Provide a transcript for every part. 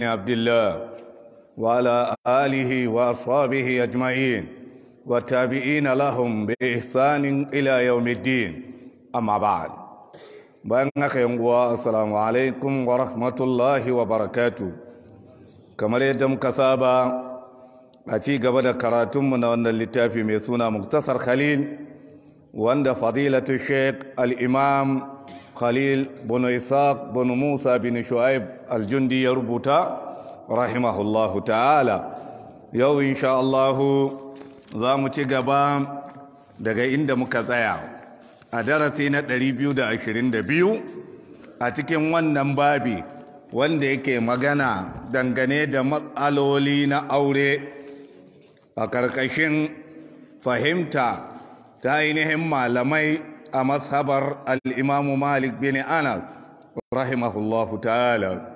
بن عبد الله وعلى آله وأصحابه أجمعين والتابعين لهم بإحسان إلى يوم الدين أما بعد بأنك ينقوى السلام عليكم ورحمة الله وبركاته كما ليتم كسابا أتي قبل كراتم من أن اللتافي ميسونا مختصر خليل وأن فضيلة الشيخ الإمام khalil bin isaq bin musa bin shu'aib aljundi ya rubuta rahimahullahu ta'ala yau insha'Allahu, za mu ci gaba daga inda muka tsaya a darasi na 222 a cikin wannan babi wanda yake magana dangane da matsaloli na aure a ƙarƙashin fahimta ta ainihin malamai a mazhabar al'imamu malik bin anas rahimahullahu ta'ala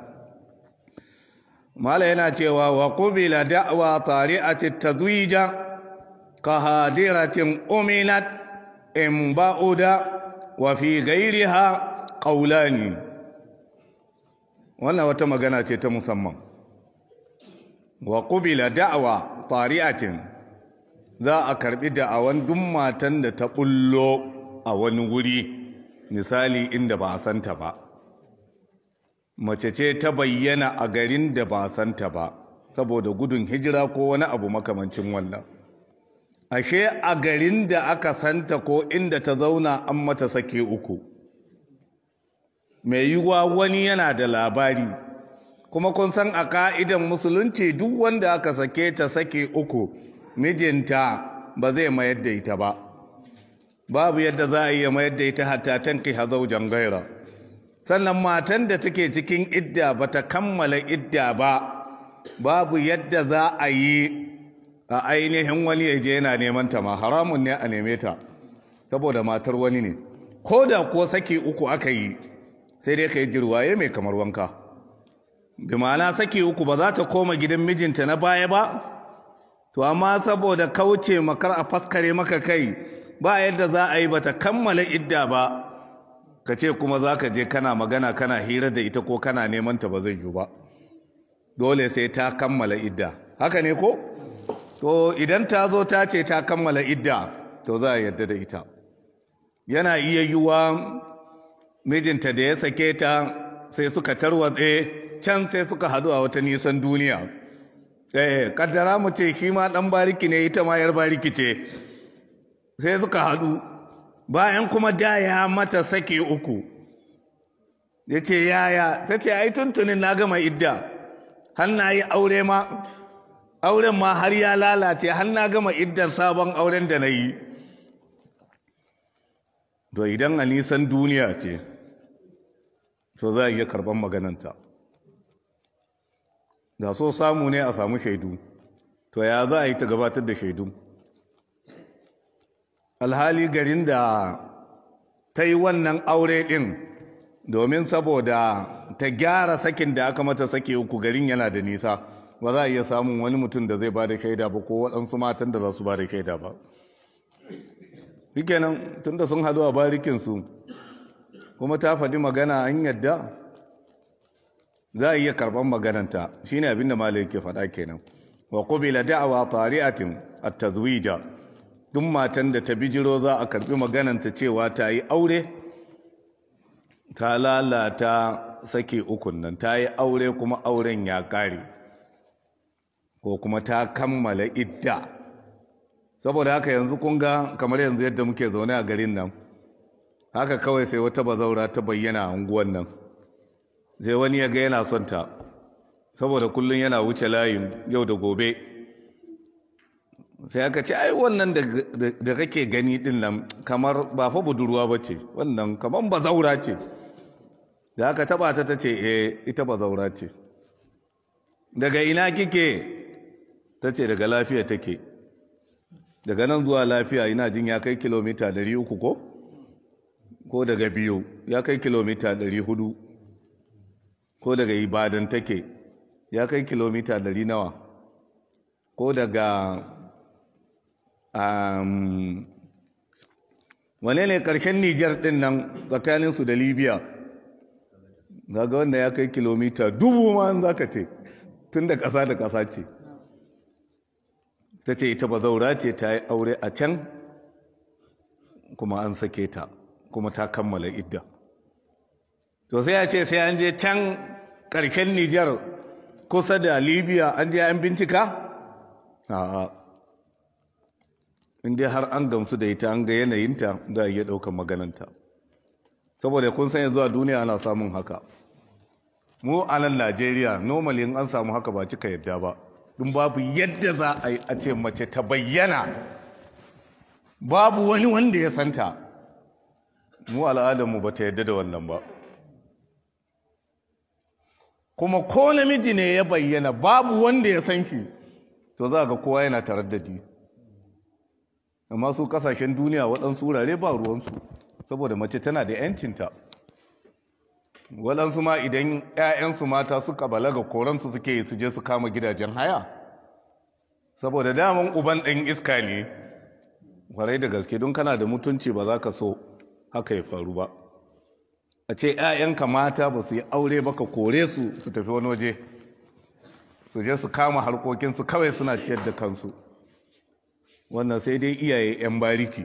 mala yana cewa wa kubila da'wa tari'ati tazwija ka hadiratin uminat in ba'uda wa fi gairiha ƙaulani wannan wata magana ce ta musamman wa kubila da'wa tari'atin za a karbi da'awan duk matan da ta ɓullo a wani wuri misali inda ba a santa ba mace ce ta bayyana a garin da ba a santa ba saboda gudun hijira ko wani abu makamancin wannan ashe a garin da aka santa ko inda ta zauna an mata sake uku mai yiwuwa wani yana da labari kuma kun san a ka'idan musulunci duk wanda aka sake ta sake uku mijinta ba zai mayar da ita ba babu yadda za a iya mayar da ita hatta tanki hazau gaira sannan matan da take cikin idda ba ta kammala idda ba babu yadda za a yi a ainihin wani ya je yana neman ta ma haramun ne a neme ta saboda matar wani ne ko da ko saki uku aka yi sai dai ka yi jirwaye mai kamar wanka bi ma'ana saki uku ba za ta koma gidan mijinta na baya ba to amma saboda kauce makar a faskare maka kai ba yadda za a yi bata kammala idda ba ka ce kuma za ka je kana magana kana hira da ita ko kana neman ta ba zai yi ba dole sai ta kammala idda haka ne ko to idan ta zo ta ce ta kammala idda to za a yadda da ita yana iya yiwuwa mijinta da ya sake ta sai suka tarwatse can sai suka haɗu a wata nisan duniya eh kaddara mu ce shi ma dan bariki ne ita ma yar bariki ce sai suka haɗu bayan kuma da ya mata sake uku ya ce yaya ta ce ai tuntunin na gama idda har na yi aure ma auren ma har ya lalace har na gama iddan sabon auren da na yi to idan a nisan duniya ce to za a iya karɓar magananta da so samu ne a samu shaidu to ya za a yi ta gabatar da shaidu alhali garin da ta yi wannan aure ɗin domin saboda ta gyara sakin da aka mata sake uku garin yana da nisa ba za a iya samun wani mutum da zai ba da shaida ba ko waɗansu matan da za su ba da shaida ba shikenan tun da sun haɗu a barikinsu kuma ta faɗi magana an yadda za a iya karɓar magananta shine abin da malai ke faɗa kenan wa qubila da'wa tari'atin at-tazwija duk matan da ta bijiro za a karbi magananta cewa ta yi aure ta lalata sake ukunnan nan ta yi aure kuma auren ya kare ko kuma ta kammala idda saboda haka yanzu kun kamar yanzu yadda muke zaune a garin nan haka kawai sai wata bazaura ta bayyana a unguwan nan sai wani ya ga yana son ta saboda kullum yana wuce layin yau da gobe sai aka ce ai wannan da kake gani din nan kamar ba fa budurwa ba ce wannan kamar ba zaura ce da aka taba ta ta ce eh ita ba zaura ce daga ina kike ta ce daga lafiya take daga nan zuwa lafiya ina jin ya kai kilomita 300 ko ko daga biyu ya kai kilomita 400 ko daga ibadan take ya kai kilomita 100 nawa ko daga wane ne karshen nijar ɗin nan tsakaninsu da libya zaga wanda ya kai kilomita dubu ma za ka ce tun da ƙasa da ƙasa ce ta ce ita ba zaura ce ta yi aure a can kuma an sake ta kuma ta kammala idda to sai ya ce sai an je can ƙarshen nijar kusa da libya an je an bincika a'a in dai har an gamsu da ita an ga yanayinta za a iya ɗaukar magananta saboda kun san zuwa duniya ana samun haka mu a nan najeriya normal in an samu haka ba cika yadda ba in babu yadda za a yi a ce mace ta bayyana babu wani wanda ya santa mu al'adarmu ba ta yadda da wannan ba kuma ko namiji ne ya bayyana babu wanda ya san shi to za ga kowa yana taraddadi amma su kasashen duniya waɗansu wurare ba ruwansu saboda mace tana da yancinta waɗansu ma idan 'ya'yansu mata suka balaga koransu suke su je su kama gidajen haya saboda daman uban ɗin iska ne kwarai da gaske don kana da mutunci ba za ka so haka ya faru ba a ce 'ya'yanka mata ba su yi aure ba ka kore su su tafi wani waje su je su kama harkokinsu kawai suna ciyar da kansu wannan sai dai iyaye 'yan bariki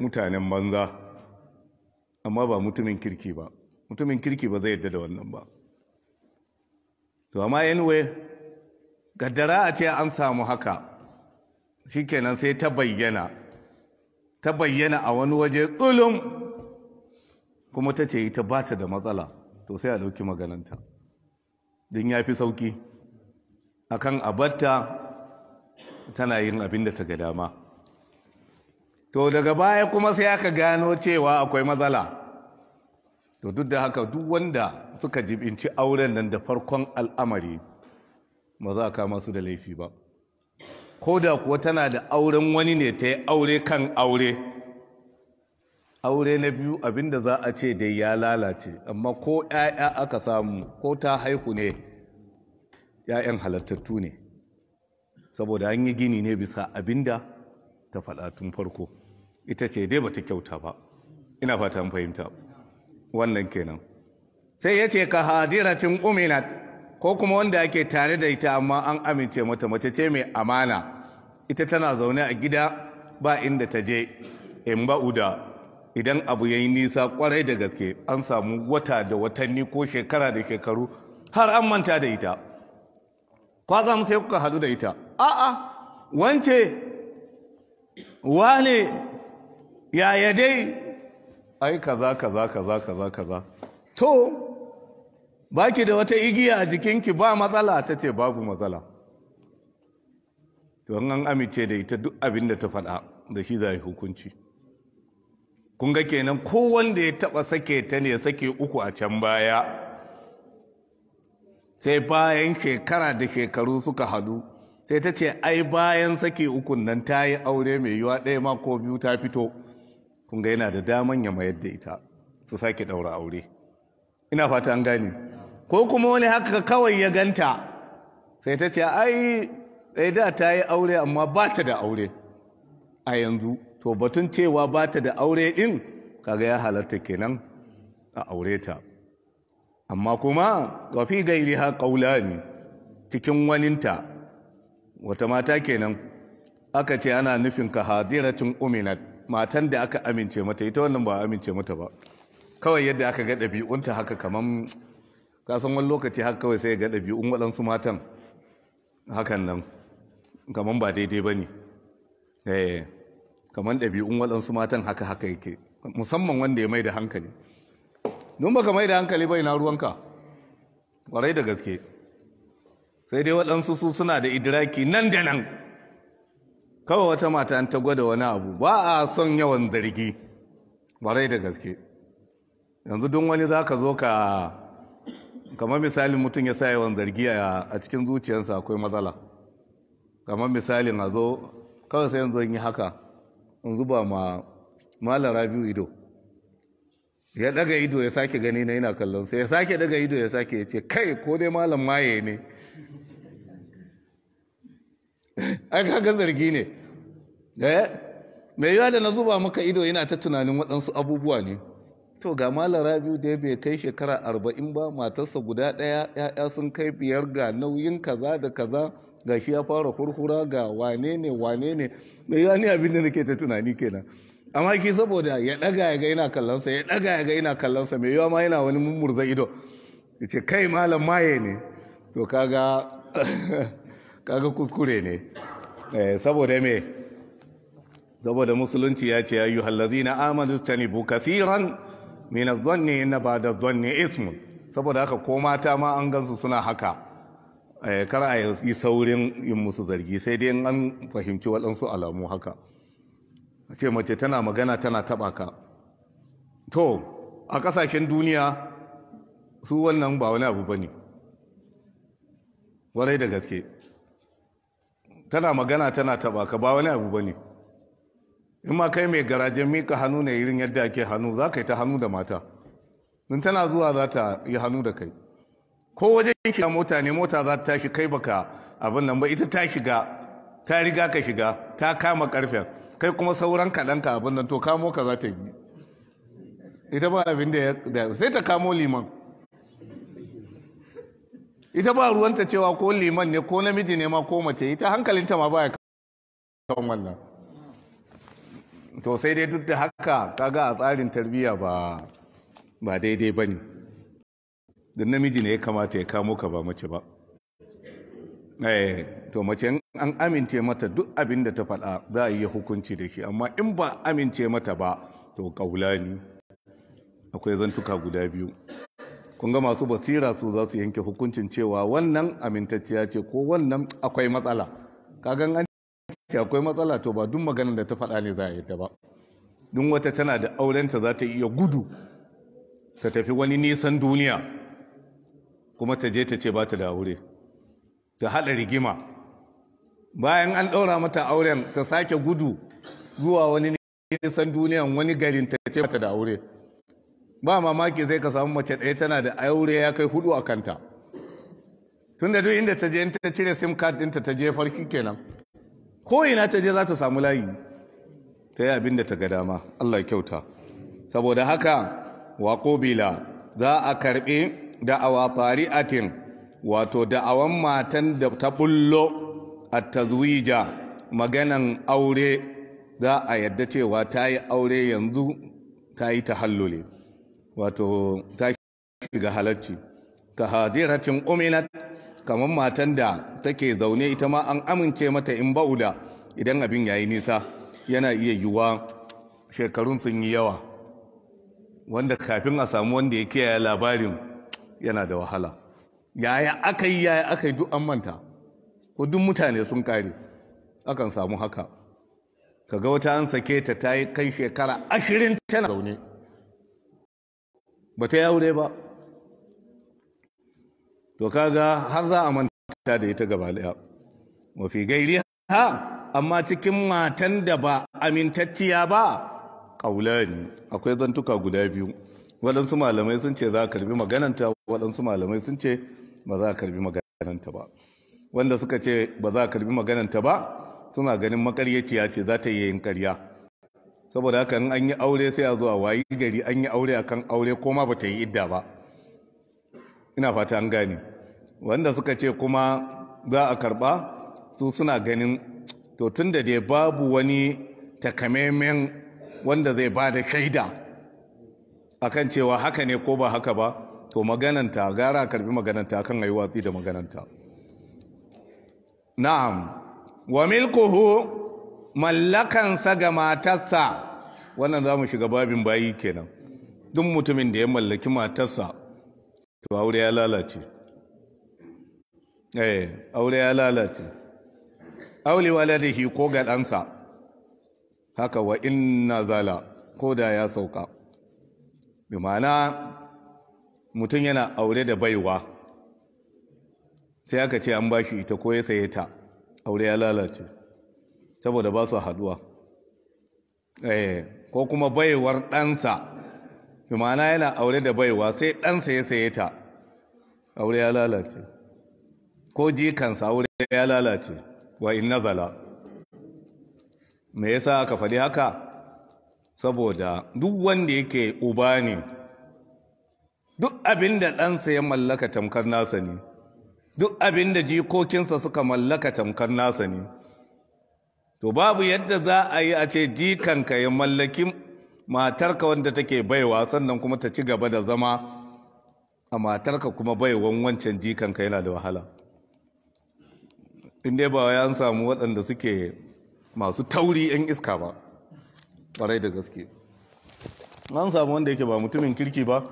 mutanen banza amma ba mutumin kirki ba mutumin kirki ba zai yadda da wannan ba to amma anyway gaddara a ce an samu haka shikenan sai ta bayyana ta bayyana a wani waje tsulum kuma ta ce ita ba ta da matsala to sai a ɗauki magananta don ya fi sauki akan abatta tana yin abin da ta ga dama to daga baya kuma sai aka gano cewa akwai matsala to duk da haka duk wanda suka jibinci auren nan da farkon al'amari ba za ka kama da laifi ba ko da kuwa tana da auren wani ne ta yi aure kan aure aure na biyu abinda za a ce dai ya lalace amma ko 'ya'ya aka samu ko ta haihu ne 'ya'yan halattattu ne saboda an yi gini ne bisa abinda ta faɗa tun farko ita ce dai bata kyauta ba ina fata an fahimta wannan kenan sai ya ce ka hadiratin uminat ko kuma wanda ake tare da ita amma an amince mata mace ce mai amana ita tana zaune a gida ba inda ta je in ba'uda idan abu ya yi nisa kwarai da gaske an samu wata da watanni ko shekara da shekaru har an manta da ita kwazam sai kuka haɗu da ita a'a wance wane yaya dai ai kaza kaza kaza kaza kaza to baki da wata igiya a jikinki ba matsala ta ce babu matsala to an amince da ita duk abin da ta faɗa da shi za hukunci kun ga kenan kowanda ya taɓa sake ta ne sake uku a can baya sai bayan shekara da shekaru suka haɗu. sai ta ce ai bayan sake ukun nan ta yi aure mai yiwa ɗaya mako biyu ta fito kun ga yana da daman ya mayar da ita su sake ɗaura aure ina fata an gane ko kuma wani haka kawai ya ganta sai ta ce ai ɗaya eh, da ta yi aure amma ba ta da aure a yanzu to batun cewa ba ta da aure ɗin kaga ya halarta kenan a aure ta amma kuma kwafi gairi ha ƙaula ne cikin waninta wata mata kenan aka ce ana nufin ka hadiratun uminat matan da aka amince mata ita wannan ba amince mata ba kawai yadda aka ga ɗabi'unta haka kaman kasan wani lokaci haka kawai sai ga ɗabi'un waɗansu matan hakan nan kaman ba daidai ba ne eh, kaman ɗabi'un waɗansu matan haka haka yake musamman wanda ya mai da hankali don baka mai da hankali bai na ruwanka ƙwarai da gaske sai dai waɗansu su suna da idiraki nan da nan kawai wata mata an ta gwada wani abu ba a son yawan zargi barai da gaske yanzu don wani za ka zo ka kamar misalin mutum ya sa yawan zargi a cikin zuciyarsa akwai matsala kamar misalin a zo kawai sai yanzu yi haka in zuba ma malar rabiu ido ya daga ido ya sake gani na yana kallon sai ya sake daga ido ya sake ya ce kai ko dai malam maye ne ai kaga zargi ne eh mai yawa da na zuba maka ido yana ta tunanin waɗansu abubuwa ne to ga malam rabiu da bai kai shekara arba'in ba matarsa guda ɗaya ya'ya sun kai biyar ga nauyin kaza da kaza ga shi ya fara hurhura ga wane ne wane ne mai yawa ne abin da nake ta tunani kenan amma ki saboda ya ɗaga ya ga ina kallonsa ya ɗaga ya ga ina kallonsa mai yawa ma yana wani mummurza ido ya ce kai malam maye ne to kaga kaga kuskure ne eh, saboda me saboda musulunci ya ce ayu hallazina amanu tanibu kasiran ne, az-zanni inna ba'da az-zanni saboda haka ko mata ma an gansu suna haka eh, kar a yi saurin yin musu zargi sai dai an fahimci waɗansu alamu haka ce mace tana magana tana taɓa ka to a ƙasashen duniya su wannan ba wani abu ba ne warai da gaske tana magana tana taba ka ba wani abu bane in ma kai mai garajen mika hannu ne irin yadda ake hannu za ka yi ta hannu da mata in tana zuwa za ta yi hannu da kai ko wajen shiga mota ne mota za ta tashi kai baka abin nan ba ita ta shiga ta riga ka shiga ta kama karfen kai kuma sauran kaɗan ka abin nan to kamo ka za ta yi ita ba abin da ya sai ta kamo liman ita ba ruwanta cewa ko liman ne ko namiji ne ma ko mace ita hankalinta ma baya kan wannan to sai dai duk da haka kaga a tsarin tarbiyya ba ba daidai bane da namiji ne ya kamata ya kamo ka ba mace ba eh to mace an amince mata duk abin da ta faɗa za a yi hukunci da shi amma in ba amince mata ba to ne akwai zantuka guda biyu kun ga masu basira su za su yanke hukuncin cewa wannan amintacciya ce ko wannan akwai matsala kagan an ce akwai matsala to ba duk maganar da ta faɗa ne za a yi ta ba duk wata tana da aurenta za ta iya gudu ta tafi wani nisan duniya kuma ta je ta ce ba ta da aure ta haɗa rigima bayan an ɗaura mata auren ta sake gudu zuwa wani nisan duniya wani garin ta ce ba ta da aure ba mamaki zai ka samu mace ɗaya tana da aure ya kai hudu a kanta tun da duk inda ta je ta cire sim card ɗinta ta je farki kenan ko ina ta je za ta samu layi ta yi abin da ta ga dama Allah kyauta saboda haka wa ƙobila za a karɓi da'awa tari'atin wato da'awan matan da ta bullo a tazwija maganan aure za a yadda cewa ta yi aure yanzu ta yi ta halloli. wato ta shiga halarci, ka hadiratin uminat kamar matan da take zaune ita ma an amince mata in ba'uda idan abin yayi nisa yana iya yiwuwa shekarun sun yi yawa wanda kafin a samu wanda ya kiyaye labarin yana da wahala yaya aka yi yaya aka yi duk an manta ko duk mutane sun kare akan samu haka Ka ga wata an sake ta ta yi kai shekara ashirin tana zaune ba ta yi aure ba to kaga har za a manta da ita gaba daya mafi gairi ha amma cikin matan da ba amintacciya ba ne. akwai zantuka guda biyu waɗansu malamai sun ce za a karbi magananta waɗansu malamai sun ce ba za a karbi magananta ba wanda suka ce ba za a karbi magananta ba suna ganin makaryaciya ce za ta yi yin karya saboda haka in an yi aure sai a zuwa wayi gari an yi aure akan aure ko ma bata yi idda ba ina fata an gane wanda suka ce kuma za a karba su suna ganin to tunda da dai babu wani takamaimen wanda zai ba da shaida akan cewa haka ne ko ba haka ba to magananta gara karbi magananta kan ayi watsi da magananta na'am wa milkuhu mallakansa ga matarsa wannan za mu shiga babin bayi kenan duk mutumin da ya mallaki matarsa to aure ya lalace eh aure ya lalace aure waladihi ko ga ɗansa haka wa inna zala ko da ya sauka bi ma'ana mutum yana aure da baiwa sai aka ce an bashi ita ko ya saye ta aure ya lalace saboda ba su haduwa Eh, ko kuma baiwar ɗansa mana yana aure da baiwa sai ɗansa ya saye ta aure ya lalace ko jikansa aure ya lalace wa in nazala me yasa aka faɗi haka saboda duk wanda yake uba ne duk abin da ɗansa ya mallaka tamkar nasa ne duk abin da jikokinsa suka mallaka tamkar nasa ne to babu yadda za a yi a ce jikanka ya mallaki matarka wanda take baiwa sannan kuma ta ci gaba da zama a matarka kuma baiwan wancan jikanka yana da wahala inda ba ya samu waɗanda suke masu tauri 'yan iska ba ƙwarai da gaske an samu wanda yake ba mutumin kirki ba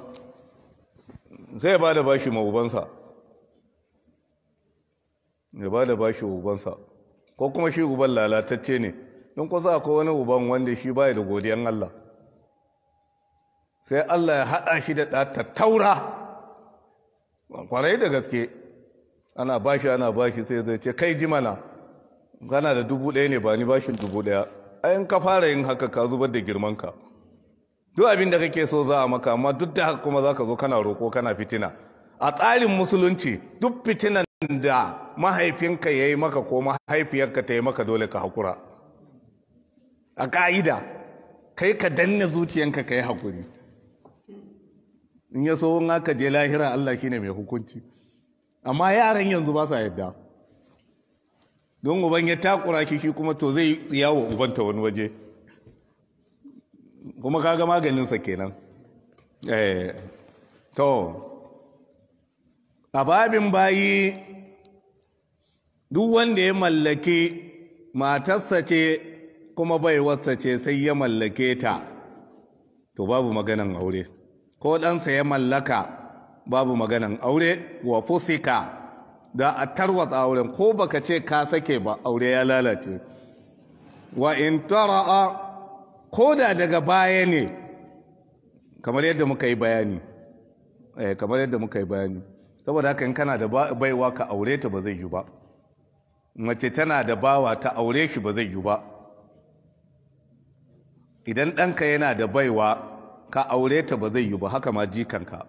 sai ba da bashi ma ubansa ya ba da bashi ubansa ko kuma shi uban lalatacce ne don kusa akwai wani uban wanda shi baya da godiyan Allah sai Allah ya haɗa shi da ɗa taura. kwarai da gaske ana bashi ana bashi sai zai ce kai ji mana gana da dubu ɗaya ne ba ni bashin dubu ɗaya ayin ka fara yin haka ka zubar da girmanka duk abin da kake so za a maka amma duk da haka kuma za ka zo kana roko kana fitina a tsarin musulunci duk fitinan da mahaifinka ya yi maka ko mahaifiyarka ta yi maka dole ka haƙura a ƙa'ida kai ka danne zuciyanka ka yi haƙuri in ya so in aka je lahira Allah shi ne mai hukunci amma yaran yanzu ba sa yadda don uban ya takura shi shi kuma to zai yawo ta wani waje kuma kaga maganinsa kenan eh to a babin bayi duk wanda ya mallake matarsa ce kuma baiwarsa ce sai ya mallake ta to babu maganan aure ko ɗansa ya mallaka babu maganan aure wa fusika da a tarwatsa auren ko baka ce ka sake ba aure ya lalace wa in tara'a ko da daga baya ne kamar yadda muka yi bayani eh, kamar yadda muka yi bayani saboda haka in kana da baiwa ka aure ta ba zai yi ba mace tana da bawa ta aure shi ba zai yi ba idan ɗanka yana da baiwa ka aure ta ba zai yi ba haka ma jikanka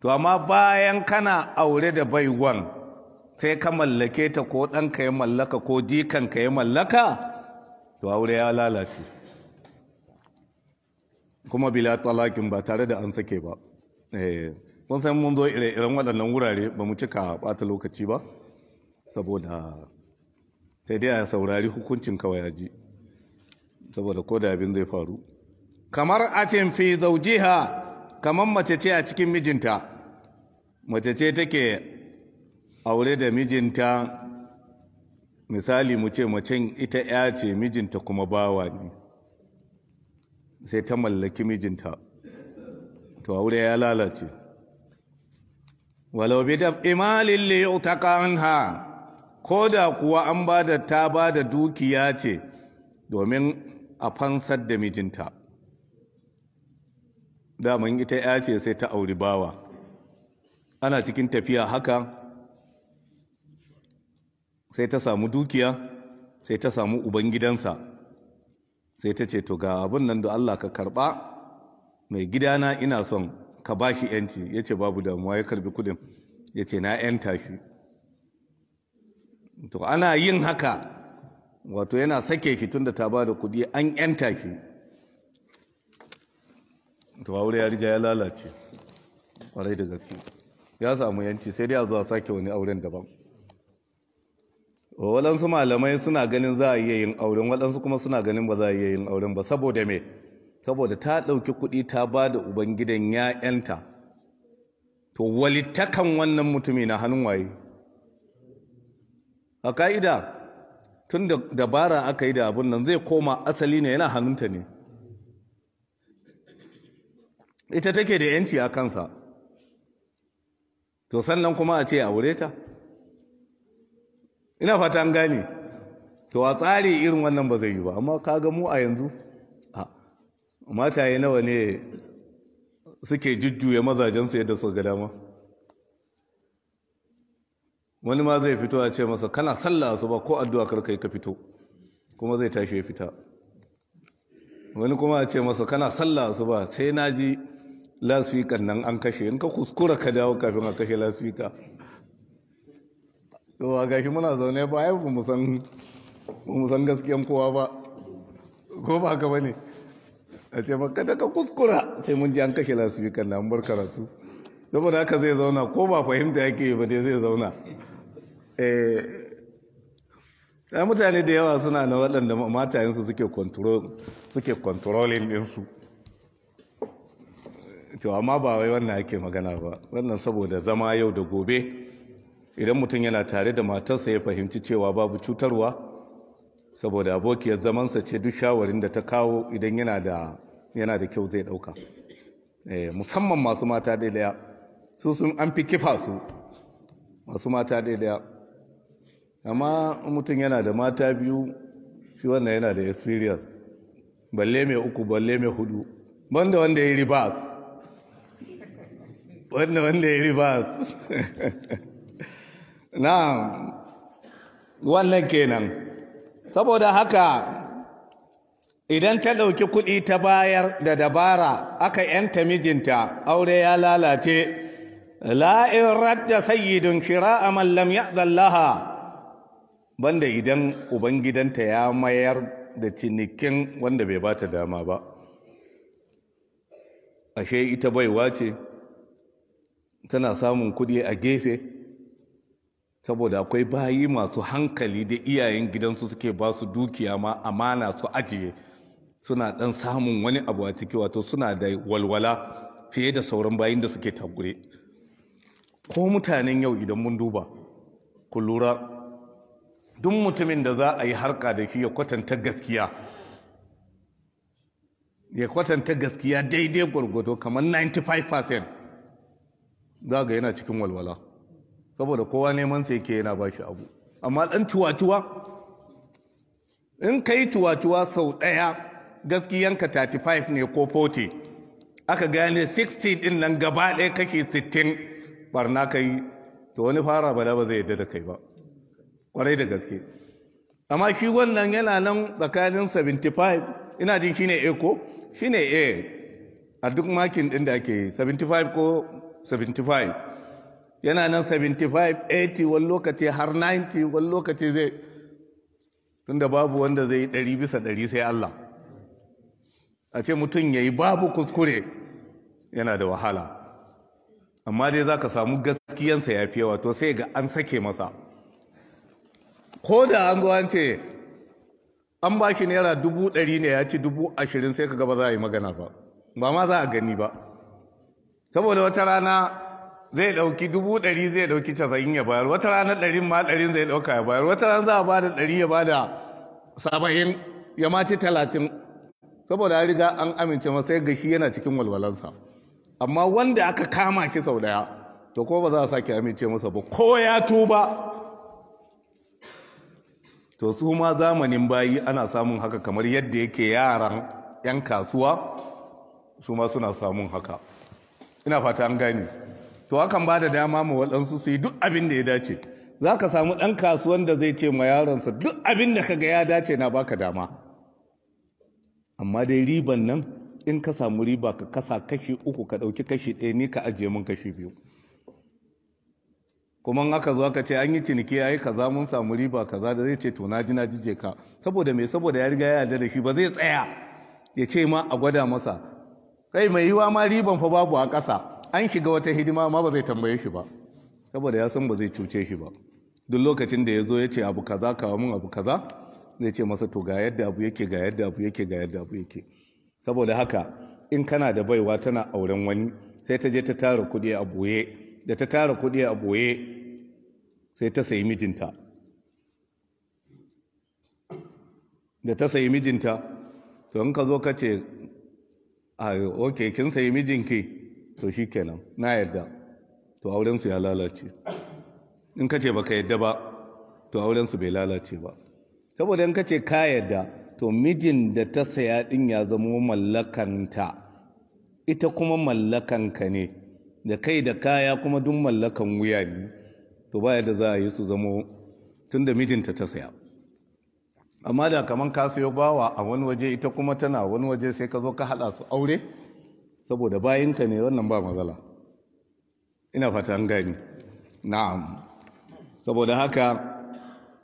to amma bayan kana aure da baiwan sai ka mallake ta ko ɗanka ya mallaka ko jikanka ya mallaka to aure ya lalace kuma bila talakin ba tare da an sake ba eh, kun san mun zo ire-iren waɗannan wurare ba mu cika ɓata lokaci ba saboda sai dai a saurari hukuncin kawai yaji saboda ko da abin zai faru kamar a atin fi zaujiha kamar mace ce a cikin mijinta mace ce take aure da mijinta misali mu ce macen ita ya ce mijinta kuma bawa ne sai ta mallaki mijinta to aure ya lalace walau bi imalin liyu ta ha ko da kuwa an ba da ta ba da dukiya ce domin a fansar da mijinta daman ita ya ce sai ta auri bawa ana cikin tafiya haka sai ta samu dukiya sai ta samu ubangidansa sai ta ce to ga abin nan da Allah ka karba mai gidana ina son ka bashi shi yanci ya ce babu damuwa ya karbi kudin ya ce na yanta shi to ana yin haka wato yana sake shi tunda ta ba da kudi an yanta shi to aure ya riga ya lalace kwarai da gaske ya samu yanci sai dai a zuwa sake wani auren daban waɗansu malamai suna ganin za a iya yin auren waɗansu kuma suna ganin ba za a iya yin auren ba saboda me saboda ta ɗauki kuɗi ta ba da ubangidan 'ya'yanta to walittakan wannan mutumi na hannun waye a ka'ida tun da dabara aka yi da abin nan zai koma asali ne yana hannunta ne ita take da yanci a kansa to sannan kuma a ce a wure ta ina fatan gane to a tsari irin wannan ba zai yi ba amma kaga mu a yanzu mataye nawa ne suke jujjuya mazajensu yadda su ga dama wani ma zai fito a ce masa kana sallah su ba ko addu'a karkai ka fito kuma zai tashi ya fita wani kuma a ce masa kana sallah su ba sai na ji lasfikan nan an kashe in ka kuskura ka dawo kafin a kashe lasfika yawa gashi muna zaune ba ya fi musan gaskiyan kowa ba ko ba ka bane a ce maka daga kuskura sai mun ji an kashe lasfikan nan bar karatu saboda haka zai zauna ko ba fahimta yake ba dai zai zauna eh mutane da yawa suna na waɗanda matayensu suke control suke ɗinsu to amma ba wai wannan ake magana ba wannan saboda zama yau da gobe idan mutum yana tare da matarsa ya fahimci cewa babu cutarwa saboda abokiyar zamansa ce duk shawarin da ta kawo idan yana da kyau zai ɗauka eh, musamman masu mata ɗaya su sun an fi kifa su masu mata ɗaya amma mutum yana da mata biyu shi wannan yana da experience balle mai uku balle mai hudu banda wanda ya ribas wanda wanda ya ribas na wannan kenan saboda haka idan ta ɗauki kuɗi ta bayar da dabara aka yanta mijinta aure ya lalace la'in radda sayyidun shira'a a mallam ya zallaha banda idan ubangidanta ya mayar da cinikin wanda bai bata dama ba ashe ita baiwa ce tana samun kudi a gefe saboda akwai bayi masu hankali da iyayen gidansu suke ba su dukiya ma amana su ajiye suna dan samun wani abu a ciki wato suna da walwala fiye da sauran bayin da suke takure ko mutanen yau idan mun duba ku lura duk mutumin da za a yi harka da shi ya kwatanta gaskiya ya kwatanta gaskiya daidai gwargwado kamar 95% za ga yana cikin walwala saboda kowa neman sai ke yana bashi abu amma dan tuwatuwa in ka yi tuwatuwa sau ɗaya gaskiyanka 35 ne ko 40 aka gane 60 ɗin nan gaba ɗaya kake 60 barna ka yi to wani fara bala ba zai yadda da kai ba kwarai da gaske amma shi wannan yana nan tsakanin 75 ina jin shine a ko shine a a duk makin ɗin da ake 75 ko 75 yana nan 75 80 wani lokaci har 90 wani lokaci zai tunda babu wanda zai yi 100 bisa 100 sai Allah a ce mutum ya yi babu kuskure yana da wahala amma dai za ka samu gaskiyansa ya fiye wato sai ga an sake masa ko da an zo an ce an ba shi naira dubu ɗari ne ya ci dubu ashirin sai ka gaba za a yi magana ba ba ma za a gani ba saboda wata rana zai ɗauki dubu ɗari zai ɗauki casa'in ya bayar wata rana ɗarin ma ɗarin zai ɗauka ya bayar wata rana za a ba da ɗari ya ba da saba'in ya ma ci talatin saboda ya riga an amince masa ga shi yana cikin walwalansa amma wanda aka kama shi sau ɗaya to ko ba za a sake amince masa ba ko ya tuba to su ma zamanin bayi ana samun haka kamar yadda yake yaran 'yan kasuwa su ma suna samun haka ina fata an gani to hakan ba da dama ma waɗansu su yi duk abin da ya dace za ka samu ɗan kasuwan da zai ce ma yaronsa duk abin da kaga ya dace na baka dama amma dai riban nan in ka samu riba ka kasa kashi uku ka ɗauki kashi ɗaya ni ka ajiye min kashi biyu kuma aka zo aka ce an yi ciniki ya yi kaza mun samu riba kaza da zai ce to na ji na jije ka saboda me saboda ya riga ya da shi ba zai tsaya ya ce ma a gwada masa kai mai yiwa ma riban fa babu a ƙasa an shiga wata hidima ma ba zai tambaye shi ba saboda ya san ba zai cuce shi ba duk lokacin da ya zo ya ce abu kaza kawo min abu kaza zai ce masa to ga yadda abu yake ga yadda abu yake ga yadda abu yake saboda haka in kana da baiwa tana auren wani sai ta je ta tara kuɗi a boye da ta tara kuɗi a ɓoye sai ta sayi mijinta da ta sayi mijinta to in ka zo ka ce a ok kin sayi mijinki to shi kenan na yarda to aurensu ya lalace in ka ce baka yarda ba to aurensu bai lalace ba saboda in ka ce ka yarda to mijin da ta saya din ya zama mallakanta ita kuma mallakanka ne da kai da kaya kuma duk mallakan wuya ne to ba yadda za a yi su zamo tun da mijinta ta saya amma da kamar ka sayo bawa a wani waje ita kuma tana wani waje sai ka zo ka haɗa su aure saboda bayinka ne wannan ba matsala ina fata an gani na'am saboda haka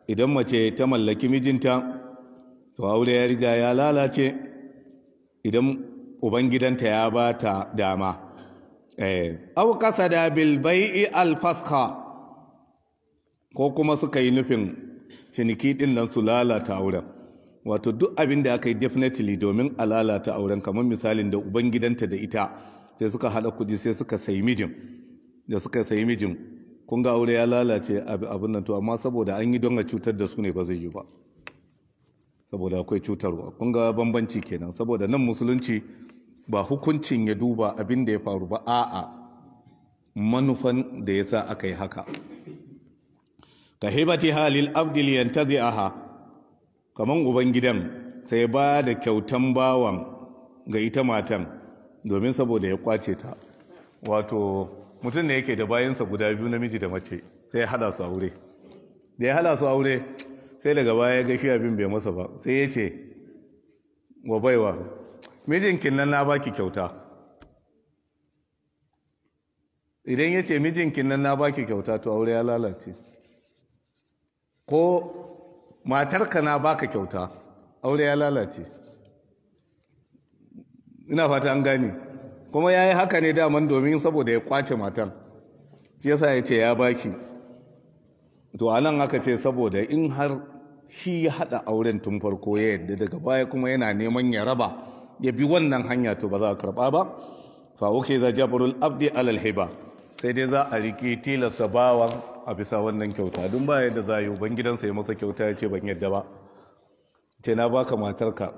idan mace ta mallaki mijinta to aure ya riga ya lalace idan ubangidanta ya ba ta dama Eh. au kasada bil i alfaska ko kuma suka yi nufin ciniki ɗin nan su lalata auren wato duk abin da aka yi definitely domin a lalata auren kamar misalin da ubangidanta da ita sai suka hada kudi sai suka sayi mijin da suka sayi mijin kun ga aure ya lalace abin nan to amma saboda an yi don a cutar da su ne ba zai yi ba saboda akwai cutarwa kun ga bambanci kenan saboda nan musulunci ba hukuncin ya duba abin da ya faru ba a'a manufan da ya sa aka yi haka ka hibati halil abdil yantazi aha kamar ubangidan sai ba da kyautan bawan ga ita matan domin saboda ya kwace ta wato mutum ne yake da bayansa guda biyu namiji da mace sai ya hada su aure da ya hada su aure sai daga baya ga shi abin bai masa ba sai ya ce wa baiwa mijinkin nan na baki kyauta idan ya ce mijinkin nan na baki kyauta to aure ya lalace ko matarka na baka kyauta aure ya lalace ina fata an gani kuma ya yi haka ne daman domin saboda ya kwace matan shi yasa ya ce ya baki to a nan aka ce saboda in har shi ya haɗa auren tun farko ya yadda daga baya kuma yana neman ya raba ya bi wannan hanya to ba za a karba ba fa wuke za jabarul abdi alal hiba sai dai za a rike tilasta bawan a bisa wannan kyauta don ba yadda za yi ban gidansa ya masa kyauta ya ce ban yadda ba ce na baka matarka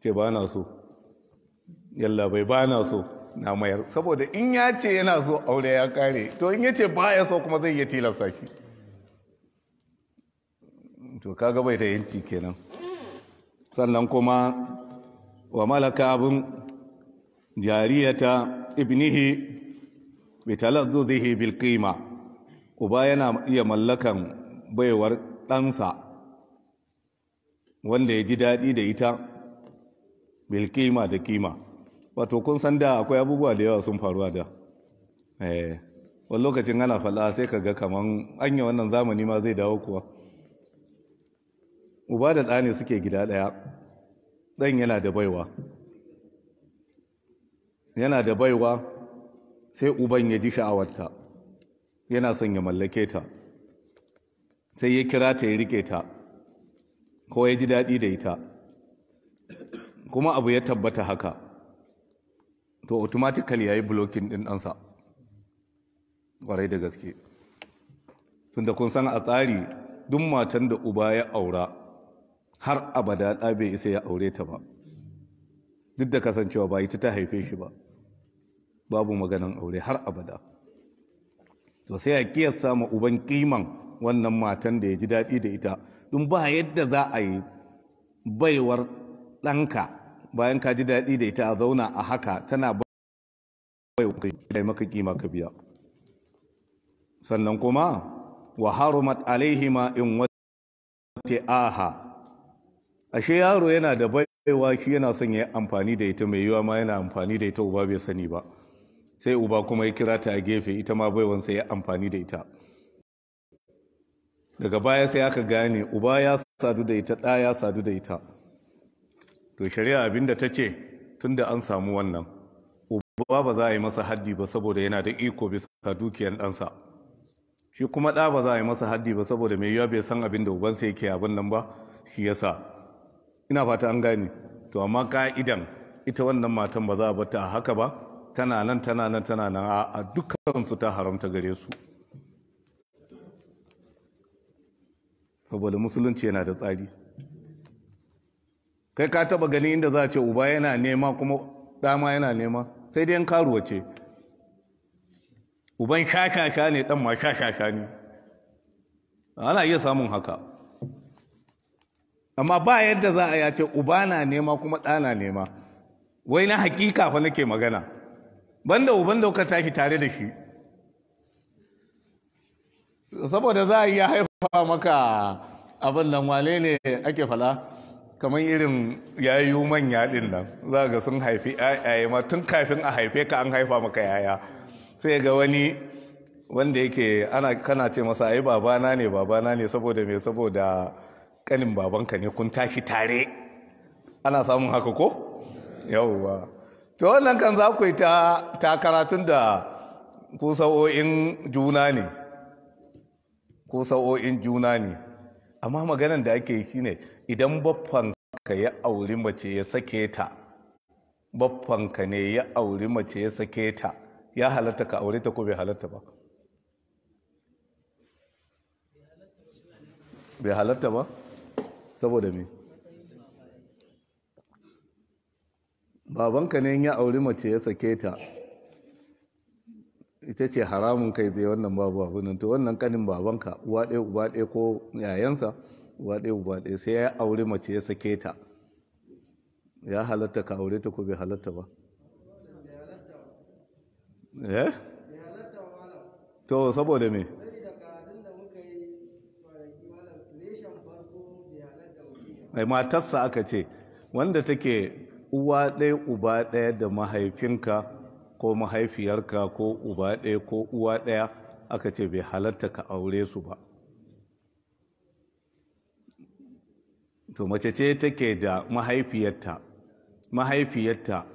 ce ba na so yalla bai ba na so na mayar saboda in ya ce yana so aure ya kare to in ya ce ba ya so kuma zai iya tilasta ki? to kaga bai da yanci kenan sannan kuma wa malaka abun jariyata ibnihi bitalazuzihi bil uba yana iya mallakan baiwar ɗansa wanda ya ji daɗi da ita bil da kima wato kun san da akwai abubuwa da yawa sun faruwa da eh, wani lokacin ana faɗa sai ka ga kaman anya wannan zamani ma zai dawo kuwa uba da ɗane suke gida ɗaya ɗan yana da baiwa yana da baiwa sai uban ya ji sha'awarta yana son ya mallake ta sai ya kira ta ya rike ta ko ya ji daɗi da ita kuma abu ya tabbata haka to automatically ya yi blokin ɗin ɗansa ƙwarai da gaske tunda kun san a tsari duk matan da uba ya aura har abada ɗa bai isa ya aure ta ba duk da kasancewa ba ita ta haife shi ba babu maganan aure har abada to sai a kiyar samu uban kiman wannan matan da ya ji daɗi da ita don ba yadda za a yi baiwar ɗanka bayan ka ji daɗi da ita a zauna a haka tana baiwa maka kima ka biya sannan kuma wa harumat alaihima in wata aha ashe yaro yana da baiwa shi yana son ya amfani da ita mai yiwa ma yana amfani da ita uba bai sani ba sai uba kuma ya kira ta a gefe ita ma baiwan sai ya amfani da ita daga baya sai aka gane uba ya sadu da ita ɗa ya sadu da ita to shari'a da ta ce tun da an samu wannan uba ba za a yi masa haddi ba saboda yana da iko bisa dukiyar ɗansa shi kuma ɗa ba za a yi masa haddi ba saboda mai yiwa bai san abin da ubansa yake abin nan ba shi yasa ina fata an gane to amma ka'idan ita wannan matan ba za a bata haka ba tana nan tana nan tana nan a dukkan su ta haramta gare su saboda musulunci yana da tsari kai ka taba gani inda za a ce uba yana nema kuma dama yana nema sai dai karuwa ce uban shashasha ne dan ma shashasha ne ana iya samun haka amma ba yadda za a ya ce uba na nema kuma ɗa nema wai na hakika fa nake magana banda uban da kuka tashi tare da shi saboda za a iya haifa maka abin nan wale ne ake fala kamar irin yayu manya din nan za ga sun haifi yayaye ma tun kafin a haife ka an haifa maka yaya sai ga wani wanda yake ana kana ce masa ai babana ne babana ne saboda me saboda kanin babanka ne kun tashi tare ana samun haka ko yawwa to wannan kan za ku yi ta karatun da ku sa'o'in juna ne ku sa'o'in juna ne amma maganan da ake yi shine idan baffanka ya auri mace ya sake ta baffanka ne ya auri mace ya sake ta ya halatta ka aure ta ko bai halatta ba bai halatta ba saboda me babanka ne ya auri mace ya sake ta ita ce haramun kai zai wannan babu nan to wannan kanin babanka uwa ɗaya uba ɗaya ko yayansa uwa ɗaya uba ɗaya sai ya auri mace ya sake ta ya halatta ka aure ta ko bai halatta ba eh? to saboda me mai matarsa aka ce wanda take uwa ɗaya uba ɗaya da mahaifinka ko mahaifiyarka ko uba ɗaya ko uwa ɗaya aka ce bai halatta ka aure su ba to mace ce take da mahaifiyarta mahaifiyarta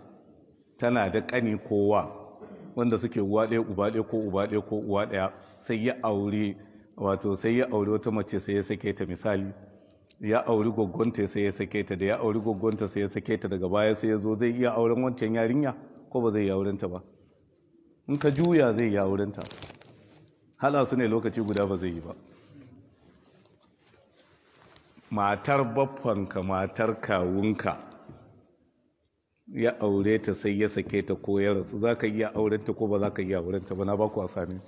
tana da ƙani kowa wanda suke uwa ɗaya uba ɗaya ko uba ɗaya ko uwa ɗaya sai ya aure wato sai ya aure wata mace sai ya sake ta misali ya auri gwaggwanta sai ya sake ta da ya auri gwaggwanta sai ya sake ta daga baya sai ya zo zai iya auren wancan yarinya ko ba zai yi auren ta ba in ka juya zai yi auren ta hala su ne lokaci guda ba zai yi ba matar baffanka matar kawunka ya aure ta sai ya sake ta ko ya rasu za ka iya auren ta ko ba za ka iya auren ta ba na ba ku a sami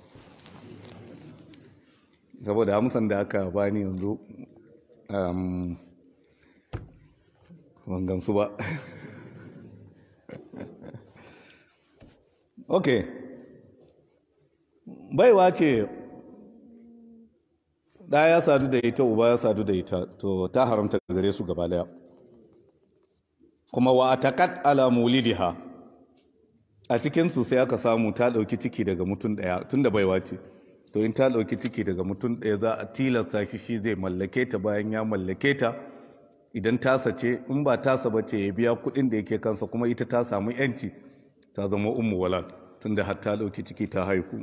saboda amsan da aka bani yanzu wangan su ba ok baiwa ce ɗaya ya sadu da ita uba ya sadu da ita to ta haramta gare su gaba daya kuma wa atakat ala mulidiha a cikinsu sai aka samu ta ɗauki ciki daga mutum ɗaya tun da baiwa ce to in ta ɗauki ciki daga mutum ɗaya za a tilasta shi shi zai mallake ta bayan ya mallake ta idan tasa ce in ba tasa ba ce ya biya kuɗin da yake kansa kuma ita ta samu yanci ta zama ummu wala tunda har ta ɗauki ciki ta haiku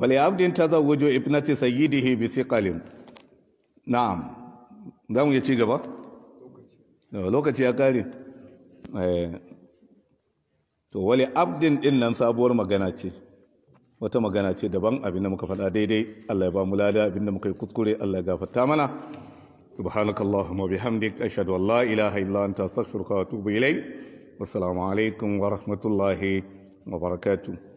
wale abdin ta za wajo ibnati sayyidihi bi siqalin na'am za mu ci gaba lokaci ya kare eh. to wale abdin din nan sabuwar magana ce wata magana ce daban abinda muka faɗa daidai Allah ya ba mu lada abinda muka yi kuskure Allah ya gafarta mana subhanakallahumma bihamdik ashhadu an la ilaha illa anta astaghfiruka wa atubu ilayk wassalamu alaikum wa rahmatullahi wa barakatuh